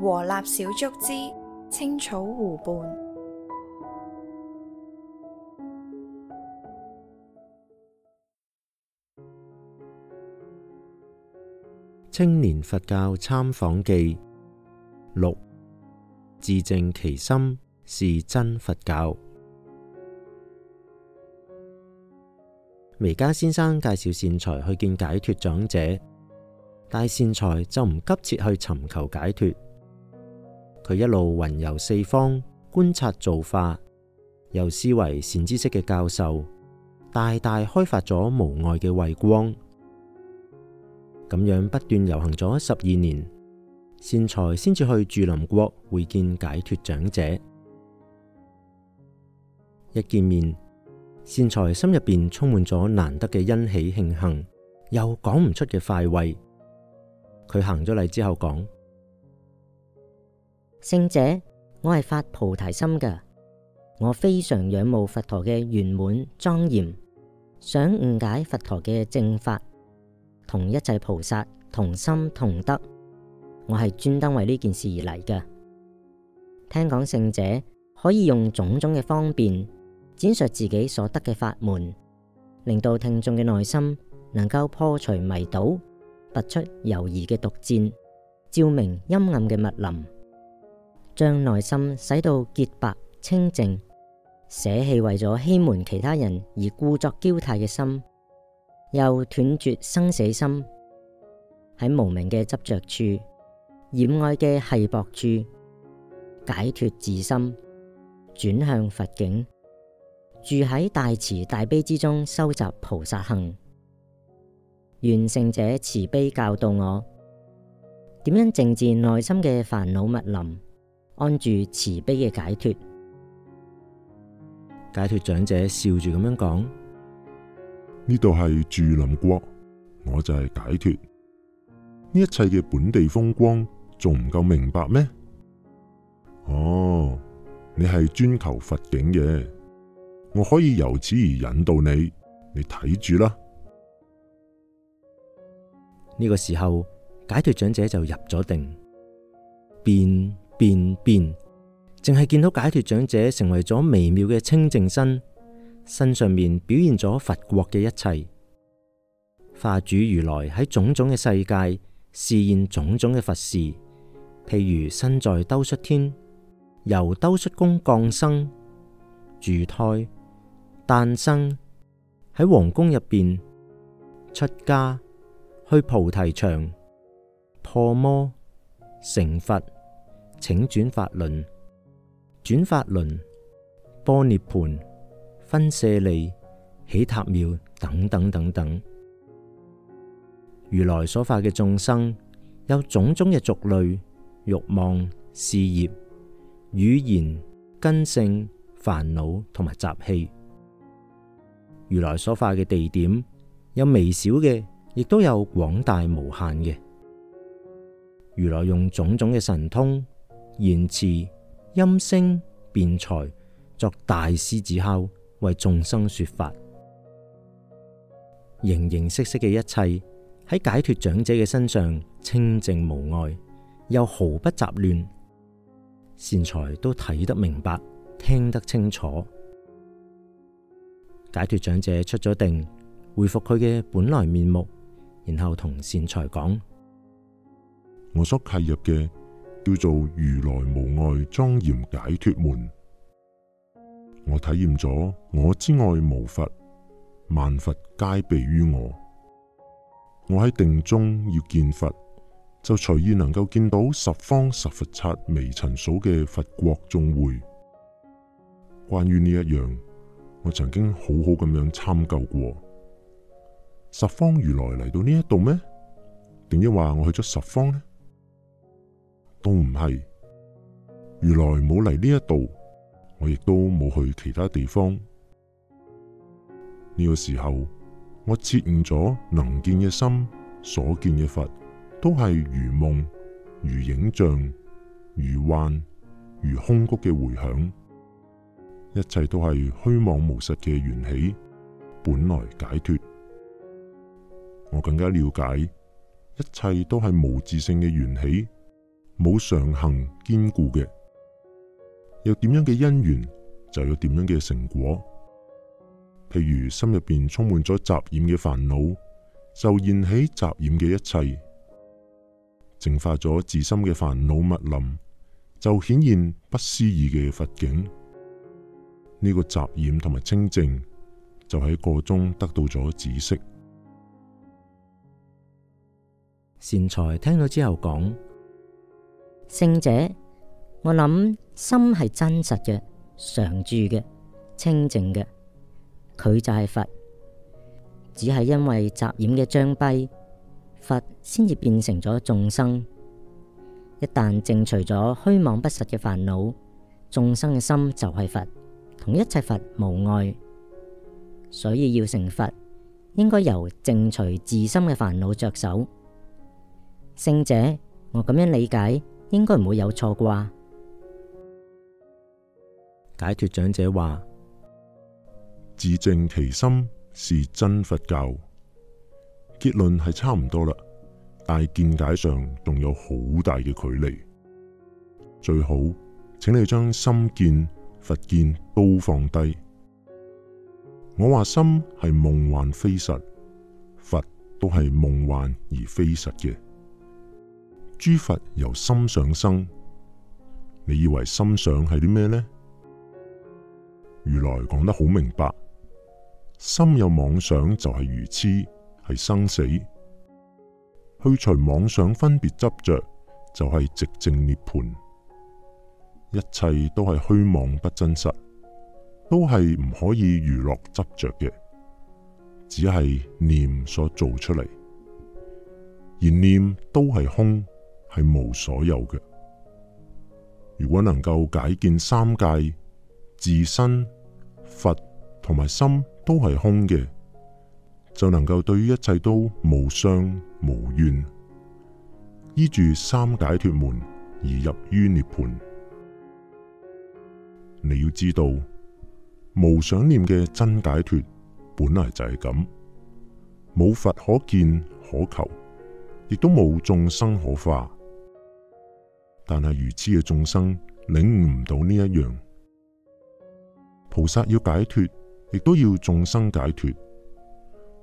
和立小築之青草湖畔。青年佛教參訪記六，自淨其心是真佛教。彌伽先生介紹善財去見解脱長者，但善財就唔急切去尋求解脱。佢一路雲遊四方，觀察造化，又思維善知識嘅教授，大大開發咗無礙嘅慧光，咁樣不斷遊行咗十二年，善財先至去住林國會見解脱長者。一見面，善財心入邊充滿咗難得嘅欣喜慶幸，又講唔出嘅快慰。佢行咗嚟之後講。聖者，我係發菩提心噶，我非常仰慕佛陀嘅圓滿莊嚴，想誤解佛陀嘅正法，同一切菩薩同心同德。我係專登為呢件事而嚟㗎。聽講聖者可以用種種嘅方便，展述自己所得嘅法門，令到聽眾嘅內心能夠破除迷倒，拔出猶疑嘅毒箭，照明陰暗嘅密林。將內心洗到潔白清淨，捨棄為咗欺瞞其他人而故作嬌態嘅心，又斷絕生死心，喺無名嘅執着處、染愛嘅繫薄處，解脫自心，轉向佛境，住喺大慈大悲之中，收集菩薩行。願聖者慈悲教導我，點樣淨治內心嘅煩惱密林。安住慈悲嘅解脱，解脱長者笑住咁樣講：呢度係住林國，我就係解脱。呢一切嘅本地風光，仲唔夠明白咩？哦，你係專求佛境嘅，我可以由此而引導你，你睇住啦。呢個時候，解脱長者就入咗定，變。便便淨係見到解脫長者成為咗微妙嘅清淨身，身上面表現咗佛國嘅一切。化主如來喺種種嘅世界示現種種嘅佛事，譬如身在兜率天，由兜率宮降生、住胎、誕生，喺皇宮入邊出家，去菩提場破魔成佛。請轉法輪，轉法輪，波涅盤，分舍利，起塔廟，等等等等。如來所化嘅眾生有種種嘅族類、欲望、事業、語言、根性、煩惱同埋習氣。如來所化嘅地點有微小嘅，亦都有廣大無限嘅。如來用種種嘅神通，言辭音聲辯才作大師子吼，為眾生說法。形形色色嘅一切喺解脫長者嘅身上清淨無礙，又毫不雜亂。善財都睇得明白，聽得清楚。解脫長者出咗定，回復佢嘅本來面目，然後同善財講：我所契入嘅，叫做如來無礙莊嚴解脫門，我體驗咗我之外無佛，萬佛皆備於我。我喺定中要見佛，就隨意能夠見到十方十佛剎微塵數嘅佛國眾會。關於呢一樣，我曾經好好咁樣參究過。十方如來嚟到呢一度咩？定抑話我去咗十方呢？都唔係，如來冇嚟呢一度，我亦都冇去其他地方。呢、這個時候，我徹悟咗，能見嘅心，所見嘅佛，都係如夢、如影像、如幻、如空谷嘅回響，一切都係虛妄無實嘅緣起，本來解脫。我更加了解，一切都係無自性嘅緣起。冇常行堅固嘅，有點樣嘅因緣就有點樣嘅成果。譬如心入邊充滿咗雜染嘅煩惱，就燃起雜染嘅一切；淨化咗自心嘅煩惱密林，就顯現不思議嘅佛境。呢、這個雜染同埋清淨，就喺個中得到咗知識。善財聽到之後講。聖者，我諗心係真實嘅、常住嘅、清淨嘅，佢就係佛。只係因為雜染嘅障蔽，佛先至變成咗眾生。一旦淨除咗虛妄不實嘅煩惱，眾生嘅心就係佛，同一切佛無礙。所以要成佛，應該由淨除自心嘅煩惱着手。聖者，我咁樣理解，應該唔會有錯啩？解脱長者話：自淨其心是真佛教。結論係差唔多啦，但係見解上仲有好大嘅距離。最好，請你將心見、佛見都放低。我話心係夢幻非實，佛都係夢幻而非實嘅。諸佛由心想生，你以為心想係啲咩呢？如來講得好明白，心有妄想就係愚痴，係生死。去除妄想分別執着，就係寂靜涅槃。一切都係虛妄不真實，都係唔可以娛樂執着嘅，只係念所做出嚟，而念都係空。係無所有嘅。如果能夠解見三界，自身、佛同埋心都係空嘅，就能夠對於一切都無相無願，依住三解脫門而入於涅槃。你要知道，無想念嘅真解脫本來就係咁，冇佛可見可求，亦都冇眾生可化。但係，如此嘅眾生領悟唔到呢一樣，菩薩要解脫，亦都要眾生解脫，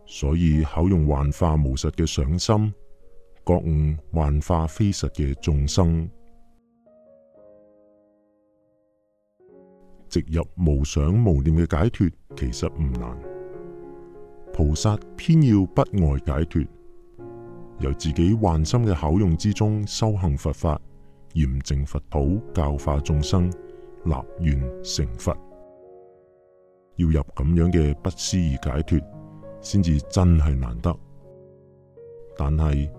所以巧用幻化無實嘅上心，覺悟幻化非實嘅眾生，直入無想無念嘅解脫，其實唔難。菩薩偏要不外解脫，由自己幻心嘅巧用之中修行佛法。嚴淨佛土，教化眾生，立願成佛。要入咁樣嘅不思議解脱，先至真係難得，但係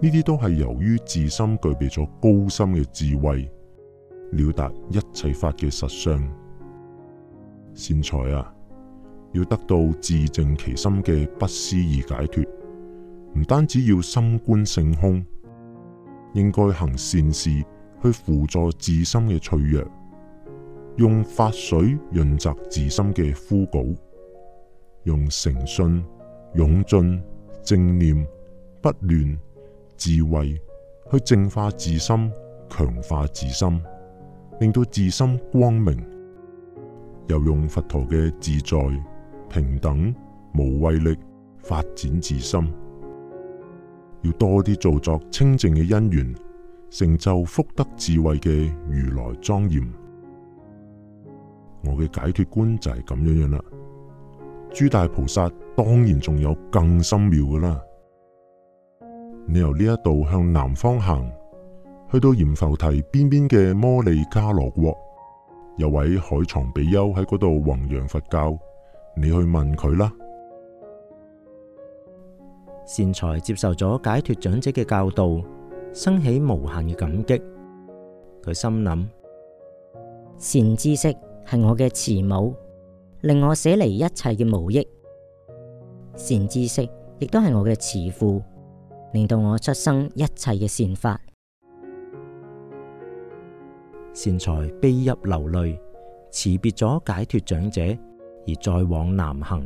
呢啲都係由於自心具備咗高深嘅智慧，了達一切法嘅實相。善財啊，要得到自淨其心嘅不思議解脱，唔單止要心觀性空，應該行善事。去輔助自身嘅脆弱，用法水潤澤自身嘅枯槁，用誠信、勇進、正念、不亂、智慧去淨化自心、強化自心，令到自心光明。又用佛陀嘅自在、平等、無畏力發展自心，要多啲做作清淨嘅因緣。成就福德智慧嘅如來莊嚴，我嘅解脱觀就係咁樣樣啦。諸大菩薩當然仲有更深妙嘅啦。你由呢一度向南方行，去到閻浮提邊邊嘅摩利伽羅國，有位海藏比丘喺嗰度弘揚佛教，你去問佢啦。善財接受咗解脱長者嘅教導。生起無限嘅感激，佢心諗善知識係我嘅慈母，令我捨離一切嘅無益；善知識亦都係我嘅慈父，令到我出生一切嘅善法。善財悲泣流淚，辭別咗解脱長者，而再往南行。